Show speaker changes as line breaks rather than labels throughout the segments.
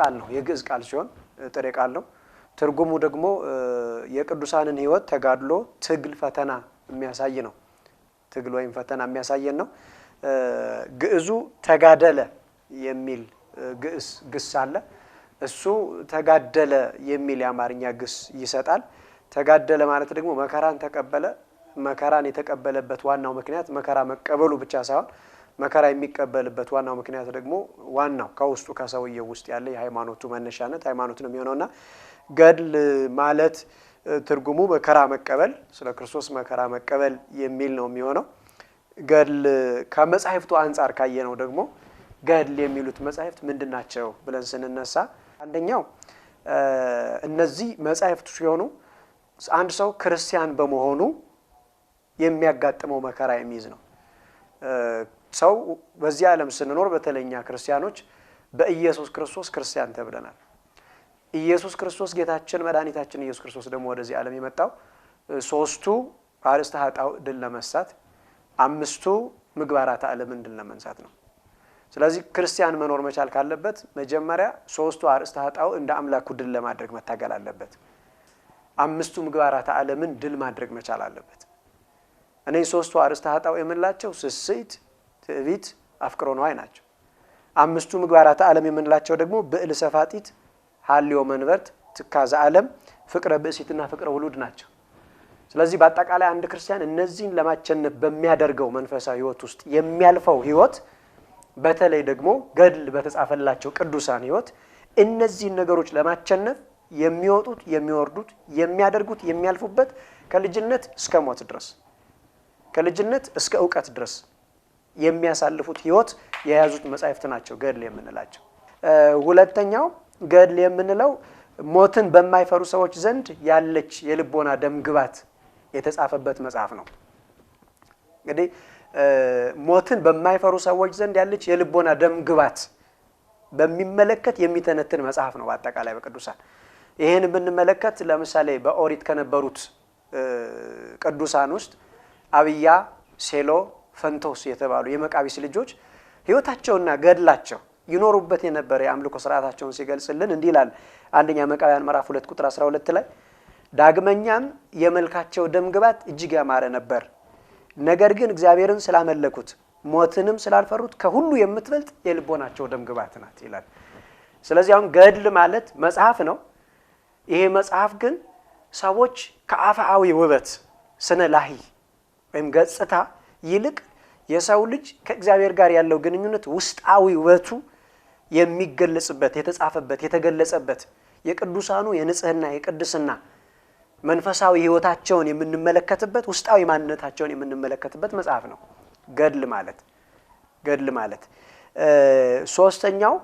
ቃል ነው። የግዕዝ ቃል ሲሆን ጥሬ ቃል ነው። ትርጉሙ ደግሞ የቅዱሳንን ሕይወት ተጋድሎ፣ ትግል፣ ፈተና የሚያሳይ ነው። ትግል ወይም ፈተና የሚያሳየን ነው። ግዕዙ ተጋደለ የሚል ግዕዝ ግስ አለ። እሱ ተጋደለ የሚል የአማርኛ ግስ ይሰጣል። ተጋደለ ማለት ደግሞ መከራን ተቀበለ። መከራን የተቀበለበት ዋናው ምክንያት መከራ መቀበሉ ብቻ ሳይሆን መከራ የሚቀበልበት ዋናው ምክንያት ደግሞ ዋናው ከውስጡ ከሰውየው ውስጥ ያለ የሃይማኖቱ መነሻነት ሃይማኖት ነው የሚሆነውና ገድል ማለት ትርጉሙ መከራ መቀበል፣ ስለ ክርስቶስ መከራ መቀበል የሚል ነው የሚሆነው። ገድል ከመጻሕፍቱ አንጻር ካየነው ደግሞ ገድል የሚሉት መጻሕፍት ምንድን ናቸው ብለን ስንነሳ አንደኛው እነዚህ መጻሕፍቱ ሲሆኑ አንድ ሰው ክርስቲያን በመሆኑ የሚያጋጥመው መከራ የሚይዝ ነው። ሰው በዚህ ዓለም ስንኖር በተለኛ ክርስቲያኖች በኢየሱስ ክርስቶስ ክርስቲያን ተብለናል። ኢየሱስ ክርስቶስ ጌታችን መድኃኒታችን ኢየሱስ ክርስቶስ ደግሞ ወደዚህ ዓለም የመጣው ሶስቱ አርእስተ ሀጣው ድል ለመሳት አምስቱ ምግባራት ዓለምን ድል ለመንሳት ነው። ስለዚህ ክርስቲያን መኖር መቻል ካለበት መጀመሪያ ሶስቱ አርእስተ ሀጣው እንደ አምላኩ ድል ለማድረግ መታገል አለበት። አምስቱ ምግባራት ዓለምን ድል ማድረግ መቻል አለበት። እኔ ሶስቱ አርእስተ ኃጣው የምንላቸው ስስት ትዕቢት፣ አፍቅሮ ነዋይ ናቸው። አምስቱ ምግባራት ዓለም የምንላቸው ደግሞ ብዕል ሰፋጢት፣ ሀልዮ መንበርት፣ ትካዘ ዓለም፣ ፍቅረ ብእሲትና ፍቅረ ውሉድ ናቸው። ስለዚህ በአጠቃላይ አንድ ክርስቲያን እነዚህን ለማቸነፍ በሚያደርገው መንፈሳዊ ህይወት ውስጥ የሚያልፈው ህይወት በተለይ ደግሞ ገድል በተጻፈላቸው ቅዱሳን ህይወት እነዚህን ነገሮች ለማቸነፍ የሚወጡት የሚወርዱት የሚያደርጉት የሚያልፉበት ከልጅነት እስከ ሞት ድረስ ከልጅነት እስከ እውቀት ድረስ የሚያሳልፉት ህይወት የያዙት መጻሕፍት ናቸው ገድል የምንላቸው። ሁለተኛው ገድል የምንለው ሞትን በማይፈሩ ሰዎች ዘንድ ያለች የልቦና ደምግባት የተጻፈበት መጽሐፍ ነው። እንግዲህ ሞትን በማይፈሩ ሰዎች ዘንድ ያለች የልቦና ደምግባት በሚመለከት የሚተነትን መጽሐፍ ነው። በአጠቃላይ በቅዱሳን ይህን ብንመለከት ለምሳሌ በኦሪት ከነበሩት ቅዱሳን ውስጥ አብያ፣ ሴሎ ፈንቶስ የተባሉ የመቃቢስ ልጆች ህይወታቸውና ገድላቸው ይኖሩበት የነበረ የአምልኮ ስርዓታቸውን ሲገልጽልን እንዲህ ይላል። አንደኛ መቃውያን ምዕራፍ ሁለት ቁጥር 12 ላይ ዳግመኛም የመልካቸው ደም ግባት እጅግ ያማረ ነበር፣ ነገር ግን እግዚአብሔርን ስላመለኩት ሞትንም ስላልፈሩት ከሁሉ የምትበልጥ የልቦናቸው ደም ግባት ናት ይላል። ስለዚህ አሁን ገድል ማለት መጽሐፍ ነው። ይሄ መጽሐፍ ግን ሰዎች ከአፍአዊ ውበት ስነ ላሂ ወይም ገጽታ ይልቅ የሰው ልጅ ከእግዚአብሔር ጋር ያለው ግንኙነት ውስጣዊ ውበቱ የሚገለጽበት የተጻፈበት የተገለጸበት የቅዱሳኑ የንጽህና የቅድስና መንፈሳዊ ህይወታቸውን የምንመለከትበት ውስጣዊ ማንነታቸውን የምንመለከትበት መጽሐፍ ነው። ገድል ማለት ገድል ማለት ሶስተኛው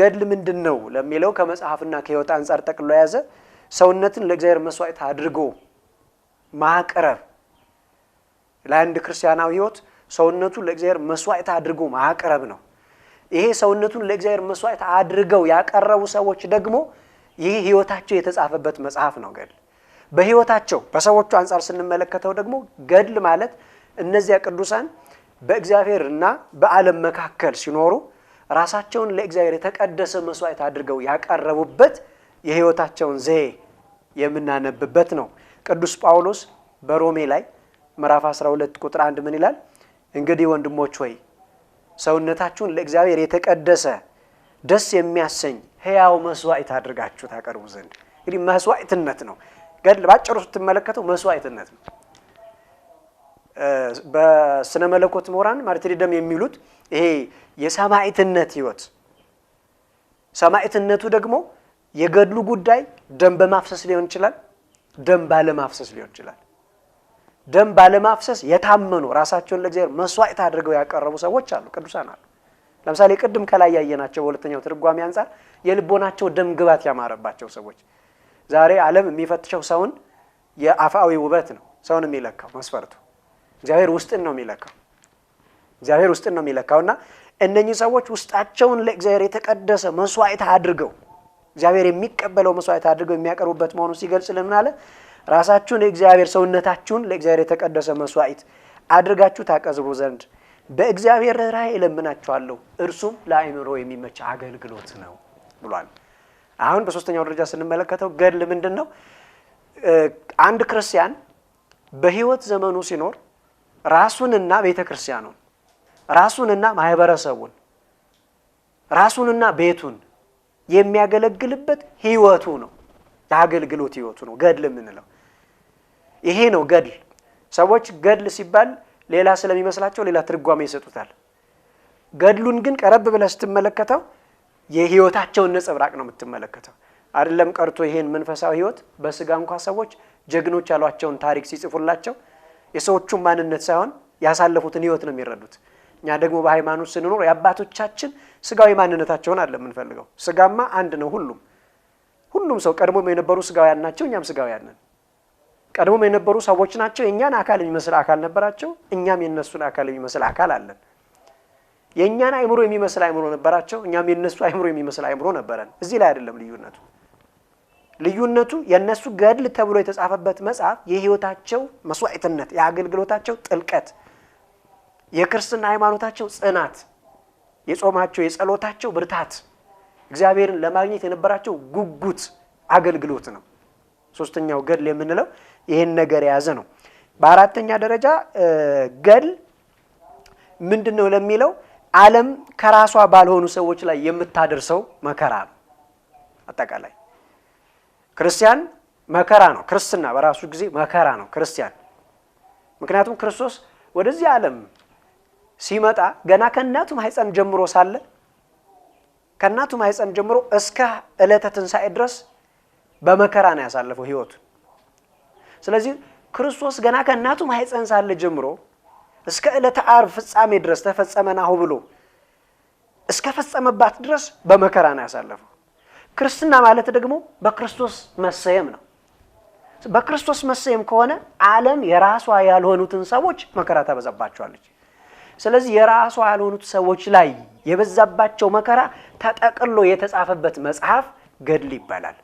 ገድል ምንድን ነው ለሚለው ከመጽሐፍና ከህይወት አንጻር ጠቅሎ የያዘ ሰውነትን ለእግዚአብሔር መስዋዕት አድርጎ ማቅረብ ለአንድ ክርስቲያናዊ ህይወት ሰውነቱን ለእግዚአብሔር መስዋዕት አድርጎ ማቅረብ ነው። ይሄ ሰውነቱን ለእግዚአብሔር መስዋዕት አድርገው ያቀረቡ ሰዎች ደግሞ ይህ ህይወታቸው የተጻፈበት መጽሐፍ ነው ገድል። በህይወታቸው በሰዎቹ አንጻር ስንመለከተው ደግሞ ገድል ማለት እነዚያ ቅዱሳን በእግዚአብሔር እና በዓለም መካከል ሲኖሩ ራሳቸውን ለእግዚአብሔር የተቀደሰ መስዋዕት አድርገው ያቀረቡበት የህይወታቸውን ዘዬ የምናነብበት ነው። ቅዱስ ጳውሎስ በሮሜ ላይ ምዕራፍ 12 ቁጥር አንድ ምን ይላል? እንግዲህ ወንድሞች ሆይ ሰውነታችሁን ለእግዚአብሔር የተቀደሰ ደስ የሚያሰኝ ሕያው መስዋዕት አድርጋችሁ ታቀርቡ ዘንድ። እንግዲህ መስዋዕትነት ነው፣ ገድል ባጭሩ ስትመለከተው መስዋዕትነት ነው። በስነ መለኮት ምሁራን ማርቲሪደም የሚሉት ይሄ የሰማዕትነት ህይወት። ሰማዕትነቱ ደግሞ የገድሉ ጉዳይ ደም በማፍሰስ ሊሆን ይችላል፣ ደም ባለማፍሰስ ሊሆን ይችላል። ደም ባለማፍሰስ የታመኑ ራሳቸውን ለእግዚአብሔር መስዋዕት አድርገው ያቀረቡ ሰዎች አሉ፣ ቅዱሳን አሉ። ለምሳሌ ቅድም ከላይ ያየናቸው በሁለተኛው ትርጓሜ አንጻር የልቦናቸው ደም ግባት ያማረባቸው ሰዎች። ዛሬ ዓለም የሚፈትሸው ሰውን የአፋዊ ውበት ነው ሰውን የሚለካው መስፈርቱ። እግዚአብሔር ውስጥን ነው የሚለካው። እግዚአብሔር ውስጥን ነው የሚለካው እና እነኚህ ሰዎች ውስጣቸውን ለእግዚአብሔር የተቀደሰ መስዋዕት አድርገው እግዚአብሔር የሚቀበለው መስዋዕት አድርገው የሚያቀርቡበት መሆኑን ሲገልጽ ምን አለ? ራሳችሁን የእግዚአብሔር ሰውነታችሁን ለእግዚአብሔር የተቀደሰ መስዋዕት አድርጋችሁ ታቀዝቡ ዘንድ በእግዚአብሔር ርኅራኄ እለምናችኋለሁ እርሱም ለአእምሮ የሚመች አገልግሎት ነው ብሏል። አሁን በሶስተኛው ደረጃ ስንመለከተው ገድል ምንድን ነው? አንድ ክርስቲያን በህይወት ዘመኑ ሲኖር ራሱንና ቤተ ክርስቲያኑን ራሱንና ማህበረሰቡን ራሱንና ቤቱን የሚያገለግልበት ህይወቱ ነው። የአገልግሎት ህይወቱ ነው ገድል የምንለው። ይሄ ነው ገድል። ሰዎች ገድል ሲባል ሌላ ስለሚመስላቸው ሌላ ትርጓሜ ይሰጡታል። ገድሉን ግን ቀረብ ብለህ ስትመለከተው የህይወታቸውን ነጸብራቅ ነው የምትመለከተው። አይደለም ቀርቶ ይሄን መንፈሳዊ ህይወት በስጋ እንኳ ሰዎች ጀግኖች ያሏቸውን ታሪክ ሲጽፉላቸው የሰዎቹን ማንነት ሳይሆን ያሳለፉትን ህይወት ነው የሚረዱት። እኛ ደግሞ በሃይማኖት ስንኖር የአባቶቻችን ስጋዊ ማንነታቸውን አለ የምንፈልገው። ስጋማ አንድ ነው። ሁሉም ሁሉም ሰው ቀድሞም የነበሩ ስጋውያን ናቸው፣ እኛም ስጋውያን ነን። ቀድሞም የነበሩ ሰዎች ናቸው። የእኛን አካል የሚመስል አካል ነበራቸው። እኛም የነሱን አካል የሚመስል አካል አለን። የእኛን አይምሮ የሚመስል አይምሮ ነበራቸው። እኛም የነሱ አይምሮ የሚመስል አይምሮ ነበረን። እዚህ ላይ አይደለም ልዩነቱ። ልዩነቱ የእነሱ ገድል ተብሎ የተጻፈበት መጽሐፍ የህይወታቸው መስዋዕትነት፣ የአገልግሎታቸው ጥልቀት፣ የክርስትና ሃይማኖታቸው ጽናት፣ የጾማቸው የጸሎታቸው ብርታት፣ እግዚአብሔርን ለማግኘት የነበራቸው ጉጉት አገልግሎት ነው። ሶስተኛው ገድል የምንለው ይህን ነገር የያዘ ነው። በአራተኛ ደረጃ ገድል ምንድን ነው ለሚለው ዓለም ከራሷ ባልሆኑ ሰዎች ላይ የምታደርሰው መከራ ነው። አጠቃላይ ክርስቲያን መከራ ነው። ክርስትና በራሱ ጊዜ መከራ ነው ክርስቲያን። ምክንያቱም ክርስቶስ ወደዚህ ዓለም ሲመጣ ገና ከእናቱ ማኅፀን ጀምሮ ሳለ ከእናቱ ማኅፀን ጀምሮ እስከ ዕለተ ትንሣኤ ድረስ በመከራ ነው ያሳለፈው ህይወቱ። ስለዚህ ክርስቶስ ገና ከእናቱ ማኅፀን ሳለ ጀምሮ እስከ ዕለተ ዓርብ ፍጻሜ ድረስ ተፈጸመ ናሁ ብሎ እስከ ፈጸመባት ድረስ በመከራ ነው ያሳለፈው። ክርስትና ማለት ደግሞ በክርስቶስ መሰየም ነው። በክርስቶስ መሰየም ከሆነ ዓለም የራሷ ያልሆኑትን ሰዎች መከራ ታበዛባቸዋለች። ስለዚህ የራሷ ያልሆኑት ሰዎች ላይ የበዛባቸው መከራ ተጠቅሎ የተጻፈበት መጽሐፍ ገድል ይባላል።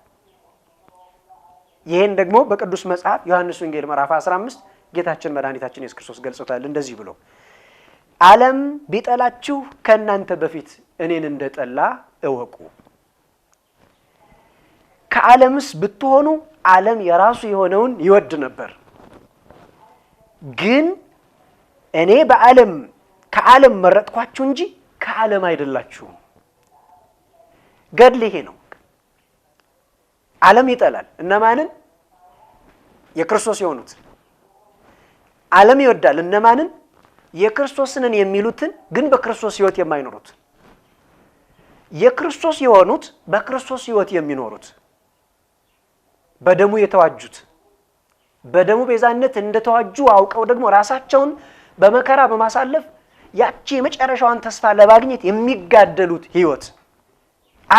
ይህን ደግሞ በቅዱስ መጽሐፍ ዮሐንስ ወንጌል ምዕራፍ 15 ጌታችን መድኃኒታችን ኢየሱስ ክርስቶስ ገልጾታል። እንደዚህ ብሎ ዓለም ቢጠላችሁ ከእናንተ በፊት እኔን እንደጠላ እወቁ። ከዓለምስ ብትሆኑ ዓለም የራሱ የሆነውን ይወድ ነበር። ግን እኔ በዓለም ከዓለም መረጥኳችሁ እንጂ ከዓለም አይደላችሁም። ገድል ይሄ ነው። ዓለም ይጠላል። እነማንን? የክርስቶስ የሆኑት። ዓለም ይወዳል። እነማንን? የክርስቶስንን የሚሉትን ግን በክርስቶስ ሕይወት የማይኖሩት። የክርስቶስ የሆኑት በክርስቶስ ሕይወት የሚኖሩት በደሙ የተዋጁት በደሙ ቤዛነት እንደተዋጁ አውቀው ደግሞ ራሳቸውን በመከራ በማሳለፍ ያቺ የመጨረሻዋን ተስፋ ለማግኘት የሚጋደሉት ሕይወት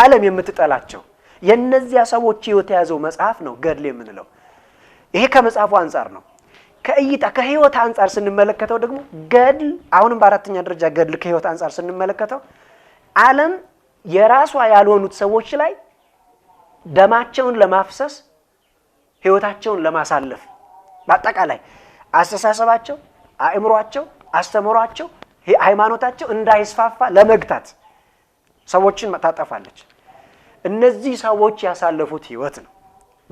ዓለም የምትጠላቸው የእነዚያ ሰዎች ህይወት የያዘው መጽሐፍ ነው ገድል የምንለው። ይሄ ከመጽሐፉ አንጻር ነው። ከእይታ ከህይወት አንጻር ስንመለከተው ደግሞ ገድል አሁንም በአራተኛ ደረጃ ገድል ከህይወት አንጻር ስንመለከተው ዓለም የራሷ ያልሆኑት ሰዎች ላይ ደማቸውን ለማፍሰስ ህይወታቸውን ለማሳለፍ በአጠቃላይ አስተሳሰባቸው፣ አእምሯቸው፣ አስተምሯቸው፣ ሃይማኖታቸው እንዳይስፋፋ ለመግታት ሰዎችን ታጠፋለች። እነዚህ ሰዎች ያሳለፉት ህይወት ነው።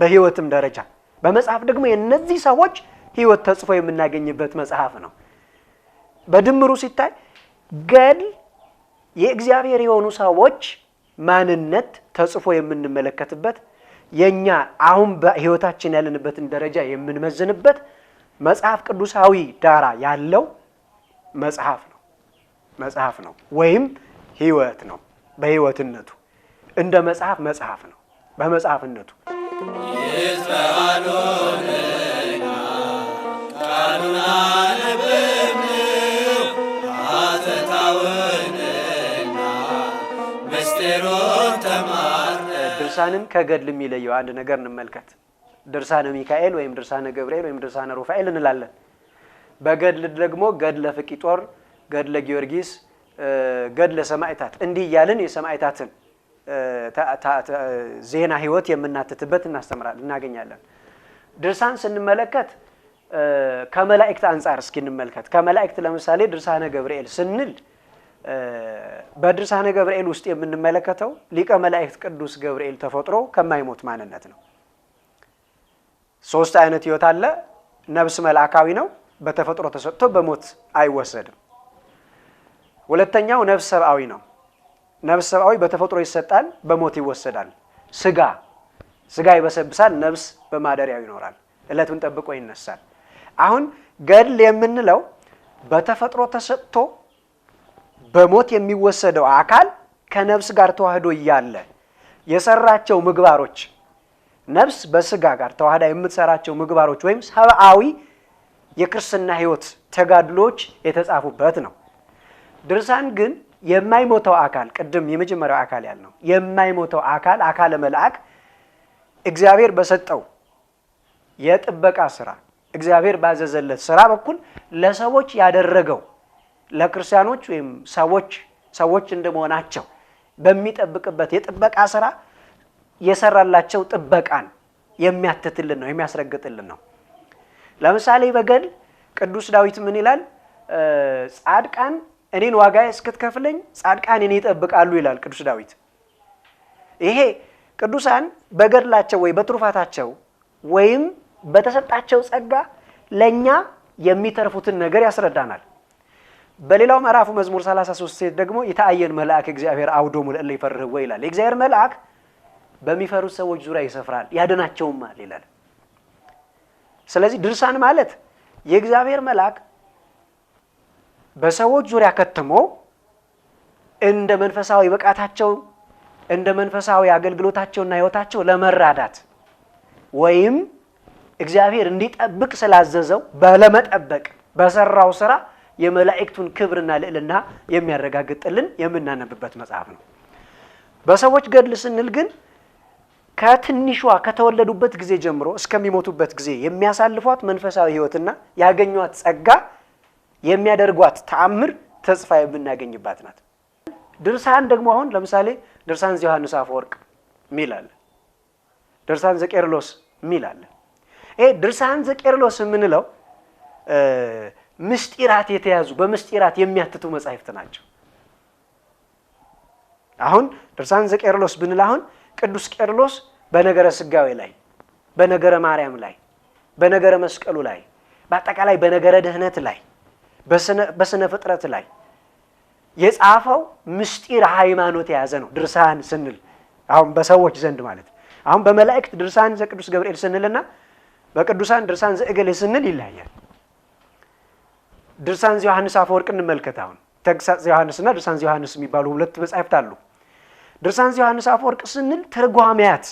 በህይወትም ደረጃ በመጽሐፍ ደግሞ የእነዚህ ሰዎች ህይወት ተጽፎ የምናገኝበት መጽሐፍ ነው። በድምሩ ሲታይ ገድል የእግዚአብሔር የሆኑ ሰዎች ማንነት ተጽፎ የምንመለከትበት የእኛ አሁን በህይወታችን ያለንበትን ደረጃ የምንመዝንበት መጽሐፍ ቅዱሳዊ ዳራ ያለው መጽሐፍ ነው መጽሐፍ ነው ወይም ህይወት ነው በህይወትነቱ እንደ መጽሐፍ መጽሐፍ ነው በመጽሐፍነቱ
ድርሳንን ከገድል የሚለየው አንድ ነገር እንመልከት። ድርሳነ ሚካኤል ወይም ድርሳነ ገብርኤል ወይም ድርሳነ ሩፋኤል እንላለን። በገድል ደግሞ ገድለ ፍቂጦር፣ ገድለ ጊዮርጊስ፣ ገድለ ሰማዕታት እንዲህ እያልን የሰማዕታትን ዜና ህይወት የምናትትበት እናስተምራለን እናገኛለን። ድርሳን ስንመለከት ከመላእክት አንጻር እስኪ እንመልከት። ከመላእክት ለምሳሌ ድርሳነ ገብርኤል ስንል በድርሳነ ገብርኤል ውስጥ የምንመለከተው ሊቀ መላእክት ቅዱስ ገብርኤል ተፈጥሮ ከማይሞት ማንነት ነው። ሶስት አይነት ህይወት አለ። ነብስ መልአካዊ ነው፣ በተፈጥሮ ተሰጥቶ በሞት አይወሰድም። ሁለተኛው ነፍስ ሰብአዊ ነው ነብስ ሰብአዊ በተፈጥሮ ይሰጣል፣ በሞት ይወሰዳል። ስጋ ስጋ ይበሰብሳል፣ ነፍስ በማደሪያው ይኖራል፣ እለቱን ጠብቆ ይነሳል። አሁን ገድል የምንለው በተፈጥሮ ተሰጥቶ በሞት የሚወሰደው አካል ከነፍስ ጋር ተዋህዶ እያለ የሰራቸው ምግባሮች ነፍስ በስጋ ጋር ተዋህዳ የምትሰራቸው ምግባሮች ወይም ሰብአዊ የክርስትና ሕይወት ተጋድሎች የተጻፉበት ነው። ድርሳን ግን የማይሞተው አካል ቅድም የመጀመሪያው አካል ነው የማይሞተው አካል አካለ መልአክ እግዚአብሔር በሰጠው የጥበቃ ስራ እግዚአብሔር ባዘዘለት ስራ በኩል ለሰዎች ያደረገው ለክርስቲያኖች ወይም ሰዎች ሰዎች እንደመሆናቸው በሚጠብቅበት የጥበቃ ስራ የሰራላቸው ጥበቃን የሚያትትልን ነው የሚያስረግጥልን ነው። ለምሳሌ በገድል ቅዱስ ዳዊት ምን ይላል? ጻድቃን እኔን ዋጋ እስክትከፍለኝ ጻድቃን እኔ ይጠብቃሉ ይላል ቅዱስ ዳዊት። ይሄ ቅዱሳን በገድላቸው ወይ በትሩፋታቸው ወይም በተሰጣቸው ጸጋ ለእኛ የሚተርፉትን ነገር ያስረዳናል። በሌላው ምዕራፉ መዝሙር 33 ሴት ደግሞ የተአየን መልአክ እግዚአብሔር አውዶሙ ለእለ ይፈርህዎ ይላል። የእግዚአብሔር መልአክ በሚፈሩት ሰዎች ዙሪያ ይሰፍራል ያድናቸውማል ይላል። ስለዚህ ድርሳን ማለት የእግዚአብሔር መልአክ በሰዎች ዙሪያ ከትሞ እንደ መንፈሳዊ ብቃታቸው እንደ መንፈሳዊ አገልግሎታቸውና ሕይወታቸው ለመራዳት ወይም እግዚአብሔር እንዲጠብቅ ስላዘዘው ባለመጠበቅ በሰራው ስራ የመላእክቱን ክብርና ልዕልና የሚያረጋግጥልን የምናነብበት መጽሐፍ ነው። በሰዎች ገድል ስንል ግን ከትንሿ ከተወለዱበት ጊዜ ጀምሮ እስከሚሞቱበት ጊዜ የሚያሳልፏት መንፈሳዊ ሕይወትና ያገኟት ጸጋ የሚያደርጓት ተአምር ተጽፋ የምናገኝባት ናት። ድርሳን ደግሞ አሁን ለምሳሌ ድርሳን ዘዮሐንስ አፈወርቅ ሚል አለ፣ ድርሳን ዘቄርሎስ ሚል አለ። ይሄ ድርሳን ዘቄርሎስ የምንለው ምስጢራት የተያዙ በምስጢራት የሚያትቱ መጻሕፍት ናቸው። አሁን ድርሳን ዘቄርሎስ ብንል አሁን ቅዱስ ቄርሎስ በነገረ ስጋዌ ላይ፣ በነገረ ማርያም ላይ፣ በነገረ መስቀሉ ላይ፣ በአጠቃላይ በነገረ ድህነት ላይ በስነ ፍጥረት ላይ የጻፈው ምስጢር ሃይማኖት የያዘ ነው። ድርሳን ስንል አሁን በሰዎች ዘንድ ማለት አሁን በመላእክት ድርሳን ዘቅዱስ ገብርኤል ስንልና በቅዱሳን ድርሳን ዘእገሌ ስንል ይለያያል። ድርሳን ዘዮሐንስ አፈወርቅ እንመልከት። አሁን ተግሳጽ ዘዮሐንስና ድርሳን ዘዮሐንስ የሚባሉ ሁለት መጻሕፍት አሉ። ድርሳን ዘዮሐንስ አፈወርቅ ስንል ተርጓሚያት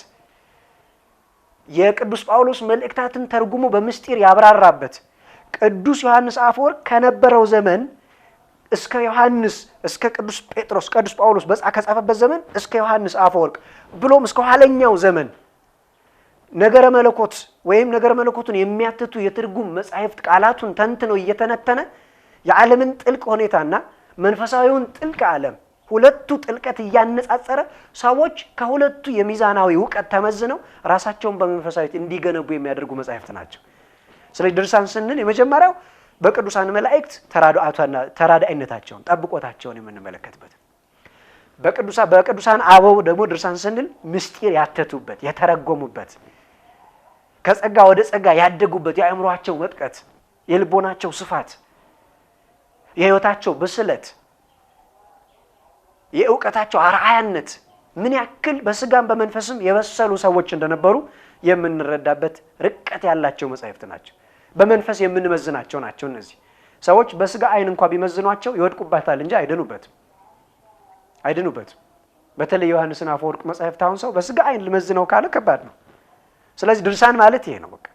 የቅዱስ ጳውሎስ መልእክታትን ተርጉሞ በምስጢር ያብራራበት ቅዱስ ዮሐንስ አፈወርቅ ከነበረው ዘመን እስከ ዮሐንስ እስከ ቅዱስ ጴጥሮስ ቅዱስ ጳውሎስ በጻ ከጻፈበት ዘመን እስከ ዮሐንስ አፈወርቅ ብሎም እስከ ኋለኛው ዘመን ነገረ መለኮት ወይም ነገረ መለኮቱን የሚያትቱ የትርጉም መጻሕፍት ቃላቱን ተንትነው እየተነተነ የዓለምን ጥልቅ ሁኔታና መንፈሳዊውን ጥልቅ ዓለም ሁለቱ ጥልቀት እያነጻጸረ ሰዎች ከሁለቱ የሚዛናዊ እውቀት ተመዝነው ራሳቸውን በመንፈሳዊት እንዲገነቡ የሚያደርጉ መጻሕፍት ናቸው። ስለዚህ ድርሳን ስንል የመጀመሪያው በቅዱሳን መላእክት ተራዳኢነታቸውን ጠብቆታቸውን የምንመለከትበት በቅዱሳን አበው ደግሞ ድርሳን ስንል ምስጢር ያተቱበት የተረጎሙበት ከጸጋ ወደ ጸጋ ያደጉበት የአእምሯቸው መጥቀት የልቦናቸው ስፋት የህይወታቸው ብስለት የእውቀታቸው አርአያነት ምን ያክል በስጋም በመንፈስም የበሰሉ ሰዎች እንደነበሩ የምንረዳበት ርቀት ያላቸው መጻሕፍት ናቸው። በመንፈስ የምንመዝናቸው ናቸው። እነዚህ ሰዎች በስጋ አይን እንኳ ቢመዝኗቸው ይወድቁባታል እንጂ አይድኑበትም አይድኑበትም። በተለይ ዮሐንስን አፈወርቅ መጻሕፍት አሁን ሰው በስጋ አይን ልመዝነው ካለ ከባድ ነው። ስለዚህ ድርሳን ማለት ይሄ ነው። በቃ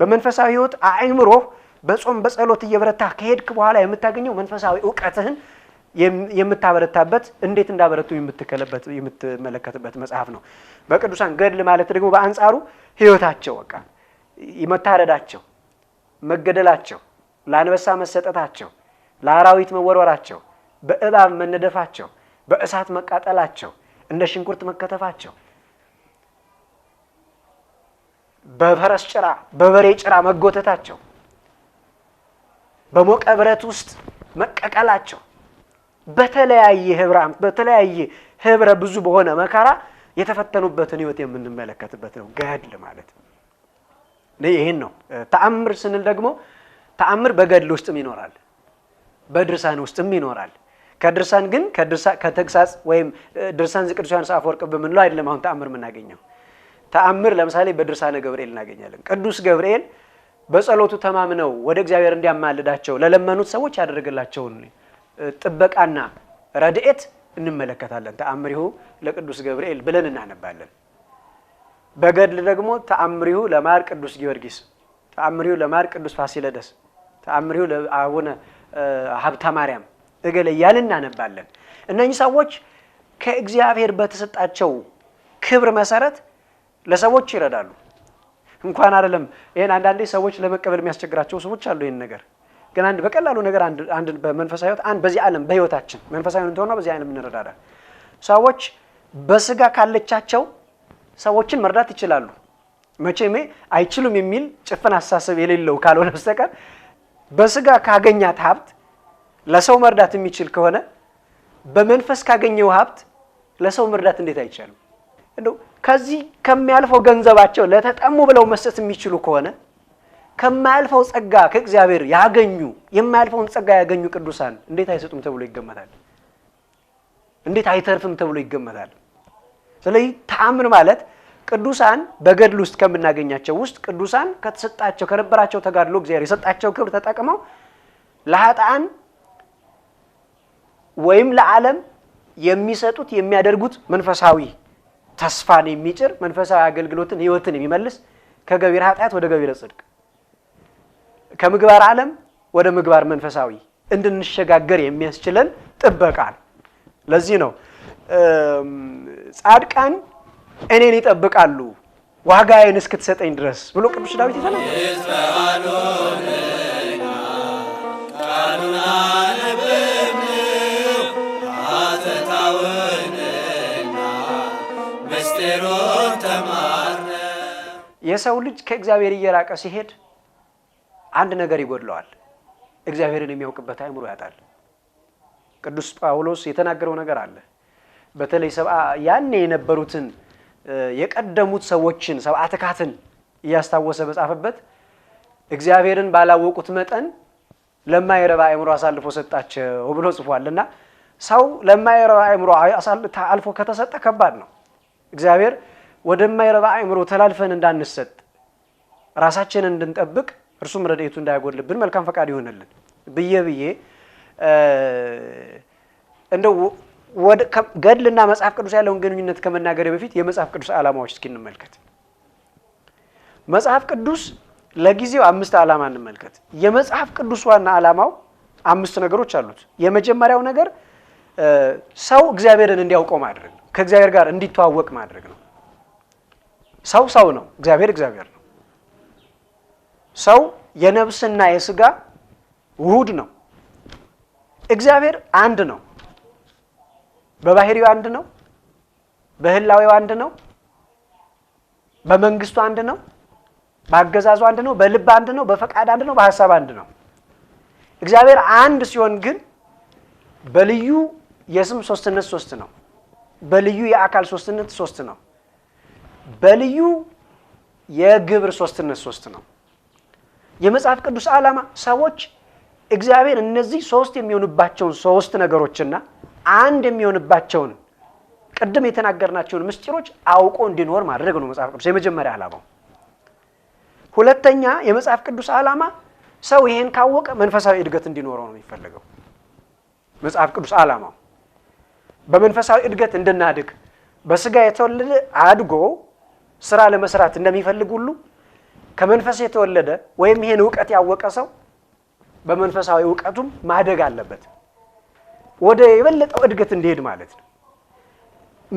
በመንፈሳዊ ህይወት አእምሮ በጾም በጸሎት እየበረታ ከሄድክ በኋላ የምታገኘው መንፈሳዊ እውቀትህን የምታበረታበት እንዴት እንዳበረቱ የምትከለበት የምትመለከትበት መጽሐፍ ነው። በቅዱሳን ገድል ማለት ደግሞ በአንጻሩ ህይወታቸው በቃ መታረዳቸው፣ መገደላቸው፣ ለአንበሳ መሰጠታቸው፣ ለአራዊት መወርወራቸው፣ በእባብ መነደፋቸው፣ በእሳት መቃጠላቸው፣ እንደ ሽንኩርት መከተፋቸው፣ በፈረስ ጭራ በበሬ ጭራ መጎተታቸው፣ በሞቀ ብረት ውስጥ መቀቀላቸው በተለያየ ህብረ በተለያየ ህብረ ብዙ በሆነ መከራ የተፈተኑበትን ህይወት የምንመለከትበት ነው ገድል ማለት። ይህን ነው ተአምር ስንል ደግሞ ተአምር በገድል ውስጥም ይኖራል፣ በድርሳን ውስጥም ይኖራል። ከድርሳን ግን ከተግሳጽ ወይም ድርሳን ዝቅዱስ ዮሐንስ አፈወርቅ በምንለው አይደለም አሁን ተአምር የምናገኘው። ተአምር ለምሳሌ በድርሳነ ገብርኤል እናገኛለን። ቅዱስ ገብርኤል በጸሎቱ ተማምነው ወደ እግዚአብሔር እንዲያማልዳቸው ለለመኑት ሰዎች ያደረገላቸውን ጥበቃና ረድኤት እንመለከታለን። ተአምሪሁ ለቅዱስ ገብርኤል ብለን እናነባለን። በገድል ደግሞ ተአምሪሁ ለማር ቅዱስ ጊዮርጊስ፣ ተአምሪሁ ለማር ቅዱስ ፋሲለደስ፣ ተአምሪሁ ለአቡነ ሀብተ ማርያም እገለ እያልን እናነባለን። እነኚህ ሰዎች ከእግዚአብሔር በተሰጣቸው ክብር መሰረት ለሰዎች ይረዳሉ። እንኳን አይደለም ይህን አንዳንዴ ሰዎች ለመቀበል የሚያስቸግራቸው ሰዎች አሉ ይህን ነገር ግን አንድ በቀላሉ ነገር አንድ በመንፈሳዊ ህይወት አንድ በዚህ ዓለም በህይወታችን መንፈሳዊ እንደሆነ በዚህ ዓለም እንረዳዳለን። ሰዎች በስጋ ካለቻቸው ሰዎችን መርዳት ይችላሉ። መቼሜ አይችሉም የሚል ጭፍን አስተሳሰብ የሌለው ካልሆነ በስተቀር በስጋ ካገኛት ሀብት ለሰው መርዳት የሚችል ከሆነ በመንፈስ ካገኘው ሀብት ለሰው መርዳት እንዴት አይቻልም? እንደው ከዚህ ከሚያልፈው ገንዘባቸው ለተጠሙ ብለው መስጠት የሚችሉ ከሆነ ከማያልፈው ጸጋ ከእግዚአብሔር ያገኙ የማያልፈውን ጸጋ ያገኙ ቅዱሳን እንዴት አይሰጡም ተብሎ ይገመታል? እንዴት አይተርፍም ተብሎ ይገመታል? ስለዚህ ተአምር ማለት ቅዱሳን በገድል ውስጥ ከምናገኛቸው ውስጥ ቅዱሳን ከተሰጣቸው ከነበራቸው ተጋድሎ እግዚአብሔር የሰጣቸው ክብር ተጠቅመው ለሀጣን ወይም ለዓለም የሚሰጡት የሚያደርጉት መንፈሳዊ ተስፋን የሚጭር መንፈሳዊ አገልግሎትን ህይወትን የሚመልስ ከገቢር ኃጢአት ወደ ገቢረ ጽድቅ ከምግባር ዓለም ወደ ምግባር መንፈሳዊ እንድንሸጋገር የሚያስችለን ጥበቃ ነው። ለዚህ ነው ጻድቃን እኔን ይጠብቃሉ ዋጋዬን እስክትሰጠኝ ድረስ ብሎ ቅዱስ ዳዊት የተናገረው የሰው ልጅ ከእግዚአብሔር እየራቀ ሲሄድ አንድ ነገር ይጎድለዋል። እግዚአብሔርን የሚያውቅበት አእምሮ ያጣል። ቅዱስ ጳውሎስ የተናገረው ነገር አለ። በተለይ ሰብአ ያኔ የነበሩትን የቀደሙት ሰዎችን ሰብአ ትካትን እያስታወሰ በጻፈበት እግዚአብሔርን ባላወቁት መጠን ለማይረባ አእምሮ አሳልፎ ሰጣቸው ብሎ ጽፏል። እና ሰው ለማይረባ አእምሮ አልፎ ከተሰጠ ከባድ ነው። እግዚአብሔር ወደማይረባ አእምሮ ተላልፈን እንዳንሰጥ ራሳችንን እንድንጠብቅ እርሱም ረድኤቱ እንዳያጎልብን መልካም ፈቃድ ይሆንልን ብዬ ብዬ እንደው ገድልና መጽሐፍ ቅዱስ ያለውን ግንኙነት ከመናገር በፊት የመጽሐፍ ቅዱስ ዓላማዎች እስኪ እንመልከት። መጽሐፍ ቅዱስ ለጊዜው አምስት ዓላማ እንመልከት። የመጽሐፍ ቅዱስ ዋና ዓላማው አምስት ነገሮች አሉት። የመጀመሪያው ነገር ሰው እግዚአብሔርን እንዲያውቀው ማድረግ፣ ከእግዚአብሔር ጋር እንዲተዋወቅ ማድረግ ነው። ሰው ሰው ነው፣ እግዚአብሔር እግዚአብሔር ነው። ሰው የነብስና የስጋ ውሁድ ነው። እግዚአብሔር አንድ ነው። በባህሪው አንድ ነው። በህላዌው አንድ ነው። በመንግስቱ አንድ ነው። በአገዛዙ አንድ ነው። በልብ አንድ ነው። በፈቃድ አንድ ነው። በሀሳብ አንድ ነው። እግዚአብሔር አንድ ሲሆን ግን በልዩ የስም ሶስትነት ሶስት ነው። በልዩ የአካል ሶስትነት ሶስት ነው። በልዩ የግብር ሶስትነት ሶስት ነው። የመጽሐፍ ቅዱስ ዓላማ ሰዎች እግዚአብሔር እነዚህ ሶስት የሚሆንባቸውን ሶስት ነገሮችና አንድ የሚሆንባቸውን ቅድም የተናገርናቸውን ምስጢሮች አውቆ እንዲኖር ማድረግ ነው መጽሐፍ ቅዱስ የመጀመሪያ ዓላማው። ሁለተኛ የመጽሐፍ ቅዱስ ዓላማ ሰው ይሄን ካወቀ መንፈሳዊ እድገት እንዲኖረው ነው የሚፈልገው። መጽሐፍ ቅዱስ ዓላማው በመንፈሳዊ እድገት እንድናድግ፣ በስጋ የተወለደ አድጎ ስራ ለመስራት እንደሚፈልግ ሁሉ ከመንፈስ የተወለደ ወይም ይሄን እውቀት ያወቀ ሰው በመንፈሳዊ እውቀቱም ማደግ አለበት፣ ወደ የበለጠው እድገት እንዲሄድ ማለት ነው።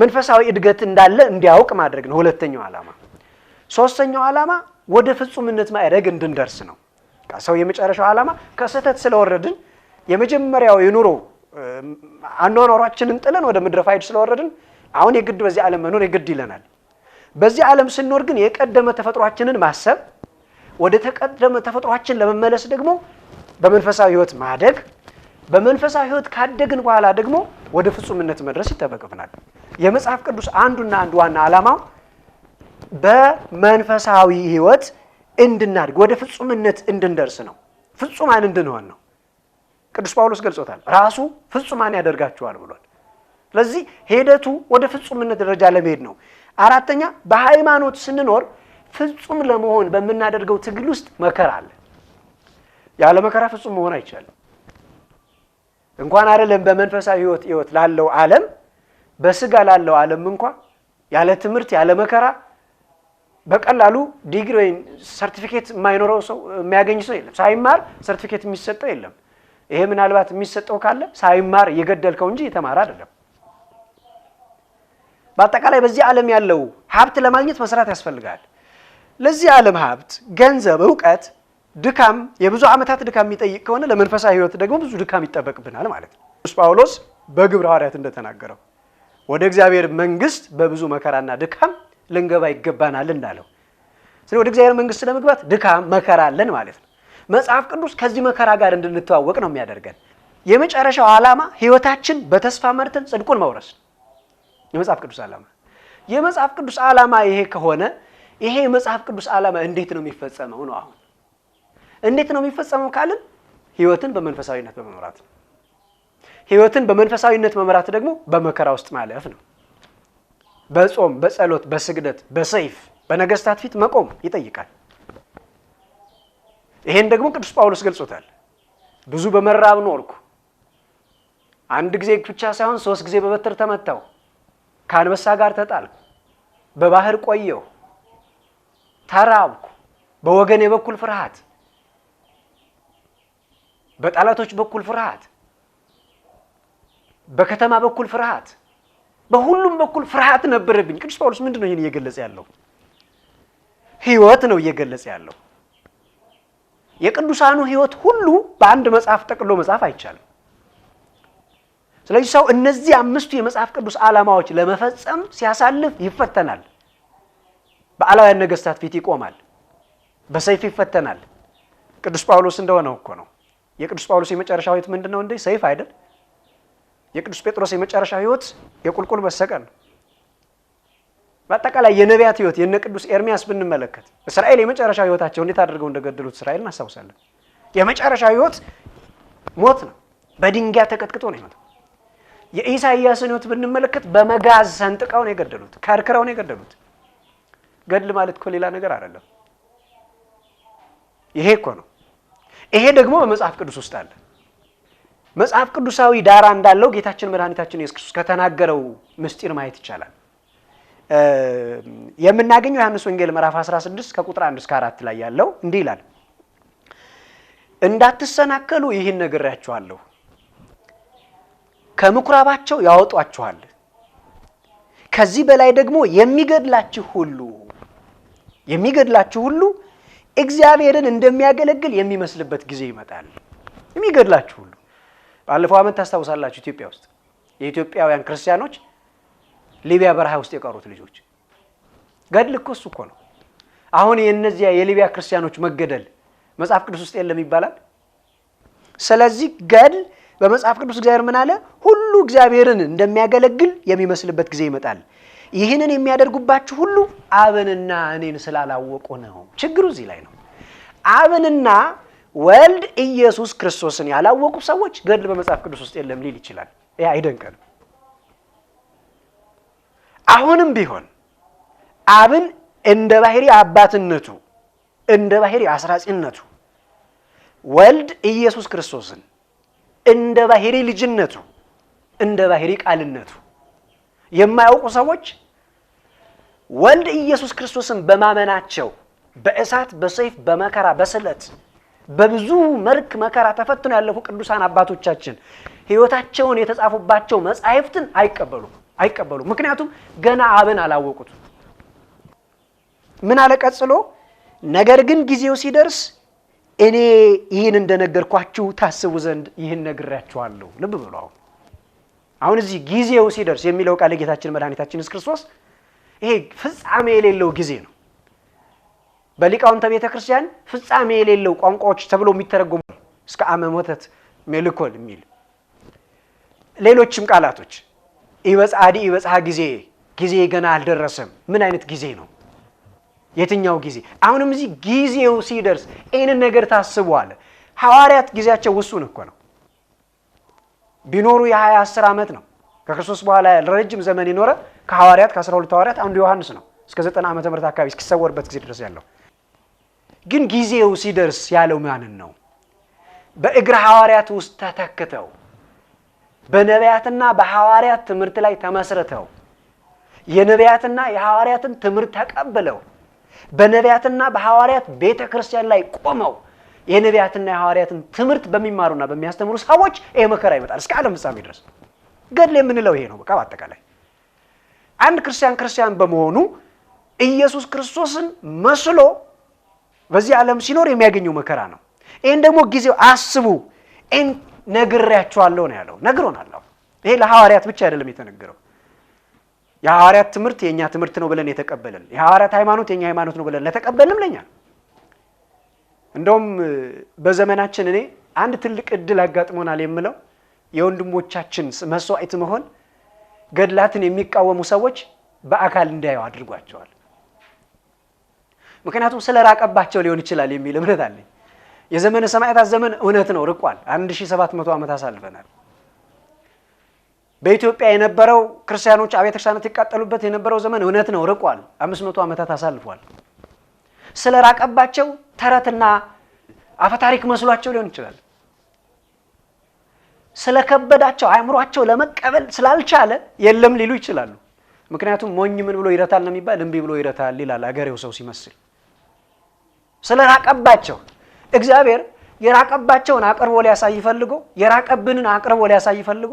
መንፈሳዊ እድገት እንዳለ እንዲያውቅ ማድረግ ነው ሁለተኛው ዓላማ። ሶስተኛው ዓላማ ወደ ፍጹምነት ማዕረግ እንድንደርስ ነው። ሰው የመጨረሻው ዓላማ ከስህተት ስለወረድን የመጀመሪያው የኑሮ አኗኗሯችንን ጥለን ወደ ምድረ ፋይድ ስለወረድን አሁን የግድ በዚህ ዓለም መኖር የግድ ይለናል። በዚህ ዓለም ስንኖር ግን የቀደመ ተፈጥሯችንን ማሰብ፣ ወደ ተቀደመ ተፈጥሯችን ለመመለስ ደግሞ በመንፈሳዊ ህይወት ማደግ፣ በመንፈሳዊ ህይወት ካደግን በኋላ ደግሞ ወደ ፍጹምነት መድረስ ይጠበቅብናል። የመጽሐፍ ቅዱስ አንዱና አንዱ ዋና ዓላማው በመንፈሳዊ ህይወት እንድናድግ ወደ ፍጹምነት እንድንደርስ ነው። ፍጹማን እንድንሆን ነው። ቅዱስ ጳውሎስ ገልጾታል። ራሱ ፍጹማን ያደርጋችኋል ብሏል። ስለዚህ ሂደቱ ወደ ፍጹምነት ደረጃ ለመሄድ ነው። አራተኛ በሃይማኖት ስንኖር ፍጹም ለመሆን በምናደርገው ትግል ውስጥ መከራ አለ። ያለ መከራ ፍጹም መሆን አይቻልም። እንኳን አይደለም በመንፈሳዊ ህይወት ህይወት ላለው ዓለም በስጋ ላለው ዓለም እንኳ ያለ ትምህርት ያለ መከራ በቀላሉ ዲግሪ ወይም ሰርቲፊኬት የማይኖረው ሰው የሚያገኝ ሰው የለም። ሳይማር ሰርቲፊኬት የሚሰጠው የለም። ይሄ ምናልባት የሚሰጠው ካለ ሳይማር የገደልከው እንጂ የተማረ አይደለም። በአጠቃላይ በዚህ ዓለም ያለው ሀብት ለማግኘት መስራት ያስፈልጋል። ለዚህ ዓለም ሀብት ገንዘብ፣ እውቀት፣ ድካም፣ የብዙ ዓመታት ድካም የሚጠይቅ ከሆነ ለመንፈሳዊ ህይወት ደግሞ ብዙ ድካም ይጠበቅብናል ማለት ነው። ቅዱስ ጳውሎስ በግብረ ሐዋርያት እንደተናገረው ወደ እግዚአብሔር መንግስት በብዙ መከራና ድካም ልንገባ ይገባናል እንዳለው ስለ ወደ እግዚአብሔር መንግስት ለመግባት ድካም መከራ አለን ማለት ነው። መጽሐፍ ቅዱስ ከዚህ መከራ ጋር እንድንተዋወቅ ነው የሚያደርገን። የመጨረሻው ዓላማ ህይወታችን በተስፋ መርተን ጽድቁን መውረስ ነው። የመጽሐፍ ቅዱስ ዓላማ የመጽሐፍ ቅዱስ ዓላማ ይሄ ከሆነ ይሄ የመጽሐፍ ቅዱስ ዓላማ እንዴት ነው የሚፈጸመው ነው አሁን እንዴት ነው የሚፈጸመው ካልን ህይወትን በመንፈሳዊነት በመምራት ነው ህይወትን በመንፈሳዊነት መምራት ደግሞ በመከራ ውስጥ ማለፍ ነው በጾም በጸሎት በስግደት በሰይፍ በነገስታት ፊት መቆም ይጠይቃል ይሄን ደግሞ ቅዱስ ጳውሎስ ገልጾታል ብዙ በመራብ ኖርኩ አንድ ጊዜ ብቻ ሳይሆን ሶስት ጊዜ በበትር ተመታው ከአንበሳ ጋር ተጣልኩ፣ በባህር ቆየሁ፣ ተራብኩ፣ በወገኔ በኩል ፍርሃት፣ በጠላቶች በኩል ፍርሃት፣ በከተማ በኩል ፍርሃት፣ በሁሉም በኩል ፍርሃት ነበረብኝ። ቅዱስ ጳውሎስ ምንድን ነው ይህን እየገለጸ ያለው? ህይወት ነው እየገለጸ ያለው። የቅዱሳኑ ህይወት ሁሉ በአንድ መጽሐፍ ጠቅሎ መጽሐፍ አይቻልም። ስለዚህ ሰው እነዚህ አምስቱ የመጽሐፍ ቅዱስ ዓላማዎች ለመፈጸም ሲያሳልፍ ይፈተናል። በአላውያን ነገስታት ፊት ይቆማል። በሰይፍ ይፈተናል። ቅዱስ ጳውሎስ እንደሆነው እኮ ነው። የቅዱስ ጳውሎስ የመጨረሻ ህይወት ምንድን ነው እንዴ? ሰይፍ አይደል? የቅዱስ ጴጥሮስ የመጨረሻ ህይወት የቁልቁል መሰቀል ነው። በአጠቃላይ የነቢያት ህይወት የነ ቅዱስ ኤርሚያስ ብንመለከት እስራኤል የመጨረሻ ህይወታቸው እንዴት አድርገው እንደገደሉት እስራኤል እናስታውሳለን። የመጨረሻ ህይወት ሞት ነው። በድንጋይ ተቀጥቅጦ ነው የሞተው። የኢሳይያስን ሕይወት ብንመለከት በመጋዝ ሰንጥቀው ነው የገደሉት፣ ከርክረው ነው የገደሉት። ገድል ማለት እኮ ሌላ ነገር አይደለም። ይሄ እኮ ነው። ይሄ ደግሞ በመጽሐፍ ቅዱስ ውስጥ አለ። መጽሐፍ ቅዱሳዊ ዳራ እንዳለው ጌታችን መድኃኒታችን ኢየሱስ ክርስቶስ ከተናገረው ምስጢር ማየት ይቻላል። የምናገኘው ዮሐንስ ወንጌል ምዕራፍ 16 ከቁጥር 1 እስከ 4 ላይ ያለው እንዲህ ይላል፣ እንዳትሰናከሉ ይህን ነግሬያችኋለሁ ከምኩራባቸው ያወጧችኋል። ከዚህ በላይ ደግሞ የሚገድላችሁ ሁሉ የሚገድላችሁ ሁሉ እግዚአብሔርን እንደሚያገለግል የሚመስልበት ጊዜ ይመጣል። የሚገድላችሁ ሁሉ ባለፈው ዓመት ታስታውሳላችሁ፣ ኢትዮጵያ ውስጥ የኢትዮጵያውያን ክርስቲያኖች ሊቢያ በረሃ ውስጥ የቀሩት ልጆች ገድል እኮ እሱ እኮ ነው። አሁን የእነዚያ የሊቢያ ክርስቲያኖች መገደል መጽሐፍ ቅዱስ ውስጥ የለም ይባላል። ስለዚህ ገድል በመጽሐፍ ቅዱስ እግዚአብሔር ምን አለ? ሁሉ እግዚአብሔርን እንደሚያገለግል የሚመስልበት ጊዜ ይመጣል። ይህንን የሚያደርጉባችሁ ሁሉ አብንና እኔን ስላላወቁ ነው። ችግሩ እዚህ ላይ ነው። አብንና ወልድ ኢየሱስ ክርስቶስን ያላወቁ ሰዎች ገድል በመጽሐፍ ቅዱስ ውስጥ የለም ሊል ይችላል። ያ አሁንም ቢሆን አብን እንደ ባህሪ አባትነቱ እንደ ባህሪ አስራጺነቱ ወልድ ኢየሱስ ክርስቶስን እንደ ባህሪ ልጅነቱ እንደ ባህሪ ቃልነቱ የማያውቁ ሰዎች ወልድ ኢየሱስ ክርስቶስን በማመናቸው በእሳት፣ በሰይፍ፣ በመከራ፣ በስለት በብዙ መልክ መከራ ተፈትነው ያለፉ ቅዱሳን አባቶቻችን ህይወታቸውን የተጻፉባቸው መጻሕፍትን አይቀበሉ አይቀበሉ ምክንያቱም ገና አብን አላወቁት። ምን አለ ቀጽሎ ነገር ግን ጊዜው ሲደርስ እኔ ይህን እንደነገርኳችሁ ታስቡ ዘንድ ይህን ነግሬያችኋለሁ። ልብ ብሎ አሁን አሁን እዚህ ጊዜው ሲደርስ የሚለው ቃል ጌታችን መድኃኒታችን ኢየሱስ ክርስቶስ ይሄ ፍጻሜ የሌለው ጊዜ ነው። በሊቃውንተ ቤተ ክርስቲያን ፍጻሜ የሌለው ቋንቋዎች ተብሎ የሚተረጎሙ እስከ አመ ሞተት ሜልኮል የሚል ሌሎችም ቃላቶች ኢበጽሐ ዲ ጊዜ ጊዜ ገና አልደረሰም። ምን አይነት ጊዜ ነው? የትኛው ጊዜ? አሁንም እዚህ ጊዜው ሲደርስ ይህንን ነገር ታስቧል። ሐዋርያት ጊዜያቸው ውሱን እኮ ነው። ቢኖሩ የሀያ አስር ዓመት ነው። ከክርስቶስ በኋላ ለረጅም ዘመን የኖረ ከሐዋርያት ከአስራ ሁለት ሐዋርያት አንዱ ዮሐንስ ነው። እስከ ዘጠና ዓመተ ምህረት አካባቢ እስኪሰወርበት ጊዜ ድረስ ያለው ግን ጊዜው ሲደርስ ያለው ማንን ነው? በእግረ ሐዋርያት ውስጥ ተተክተው በነቢያትና በሐዋርያት ትምህርት ላይ ተመስርተው የነቢያትና የሐዋርያትን ትምህርት ተቀብለው በነቢያትና በሐዋርያት ቤተ ክርስቲያን ላይ ቆመው የነቢያትና የሐዋርያትን ትምህርት በሚማሩና በሚያስተምሩ ሰዎች ይሄ መከራ ይመጣል እስከ ዓለም ፍጻሜ ድረስ። ገድል የምንለው ይሄ ነው። በቃ በአጠቃላይ አንድ ክርስቲያን ክርስቲያን በመሆኑ ኢየሱስ ክርስቶስን መስሎ በዚህ ዓለም ሲኖር የሚያገኘው መከራ ነው። ይህን ደግሞ ጊዜው አስቡ። ነግሬያችኋለሁ ነው ያለው። ነግሮናለሁ። ይሄ ለሐዋርያት ብቻ አይደለም የተነገረው የሐዋርያት ትምህርት የእኛ ትምህርት ነው ብለን የተቀበልን የሐዋርያት ሃይማኖት የእኛ ሃይማኖት ነው ብለን ለተቀበልንም ለኛ እንደውም በዘመናችን እኔ አንድ ትልቅ እድል አጋጥሞናል የምለው የወንድሞቻችን መስዋዕት መሆን ገድላትን የሚቃወሙ ሰዎች በአካል እንዲያዩ አድርጓቸዋል። ምክንያቱም ስለ ራቀባቸው ሊሆን ይችላል የሚል እምነት አለኝ። የዘመነ ሰማያታት ዘመን እውነት ነው ርቋል። 1700 ዓመት አሳልፈናል። በኢትዮጵያ የነበረው ክርስቲያኖች አብያተ ክርስቲያናት ይቃጠሉበት የነበረው ዘመን እውነት ነው፣ ርቋል። አምስት መቶ ዓመታት አሳልፏል። ስለ ራቀባቸው ተረትና አፈታሪክ መስሏቸው ሊሆን ይችላል። ስለከበዳቸው አእምሯቸው ለመቀበል ስላልቻለ የለም ሊሉ ይችላሉ። ምክንያቱም ሞኝ ምን ብሎ ይረታል ነው የሚባል፣ እምቢ ብሎ ይረታል ይላል አገሬው ሰው ሲመስል። ስለ ራቀባቸው እግዚአብሔር የራቀባቸውን አቅርቦ ሊያሳይ ፈልጎ የራቀብንን አቅርቦ ሊያሳይ ፈልጎ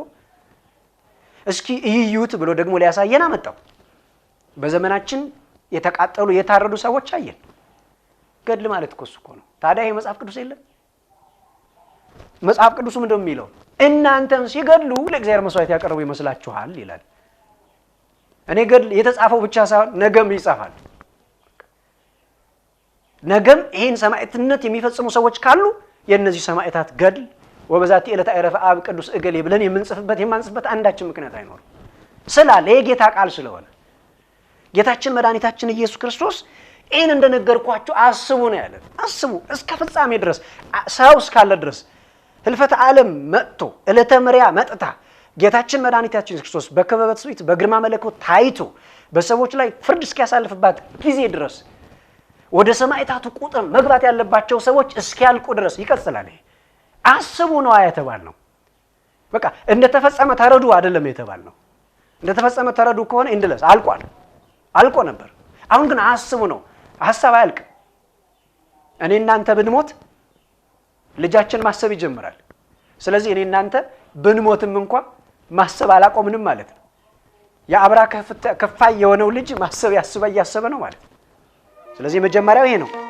እስኪ እይዩት ብሎ ደግሞ ሊያሳየን አመጣው። በዘመናችን የተቃጠሉ የታረዱ ሰዎች አየን። ገድል ማለት እኮ እሱ እኮ ነው። ታዲያ ይሄ መጽሐፍ ቅዱስ የለም? መጽሐፍ ቅዱሱ ምንድን የሚለው? እናንተም ሲገድሉ ለእግዚአብሔር መስዋዕት ያቀረቡ ይመስላችኋል ይላል። እኔ ገድል የተጻፈው ብቻ ሳይሆን ነገም ይጻፋል። ነገም ይህን ሰማዕትነት የሚፈጽሙ ሰዎች ካሉ የእነዚህ ሰማዕታት ገድል ወበዛቲ ዕለት አይረፈ አብ ቅዱስ እገሌ ብለን የምንጽፍበት የማንጽፍበት አንዳችን ምክንያት አይኖርም። ስላለ የጌታ ቃል ስለሆነ ጌታችን መድኃኒታችን ኢየሱስ ክርስቶስ ይህን እንደነገርኳችሁ አስቡ ነው ያለ። አስቡ እስከ ፍጻሜ ድረስ ሰው እስካለ ድረስ ህልፈት ዓለም መጥቶ ዕለተ ምሪያ መጥታ ጌታችን መድኃኒታችን ኢየሱስ ክርስቶስ በክበበ ትስብእት በግርማ መለኮት ታይቶ በሰዎች ላይ ፍርድ እስኪያሳልፍባት ጊዜ ድረስ ወደ ሰማዕታቱ ቁጥር መግባት ያለባቸው ሰዎች እስኪያልቁ ድረስ ይቀጥላል። አስቡ ነው የተባል ነው። በቃ እንደተፈጸመ ተረዱ አይደለም የተባል ነው። እንደተፈጸመ ተረዱ ከሆነ እንድለስ አልቋል፣ አልቆ ነበር። አሁን ግን አስቡ ነው። ሀሳብ አያልቅ። እኔ እናንተ ብንሞት ልጃችን ማሰብ ይጀምራል። ስለዚህ እኔ እናንተ ብንሞትም እንኳ ማሰብ አላቆምንም ማለት ነው። የአብራ ከፋይ የሆነው ልጅ ማሰብ ያስበ እያሰበ ነው ማለት ነው። ስለዚህ መጀመሪያው ይሄ ነው።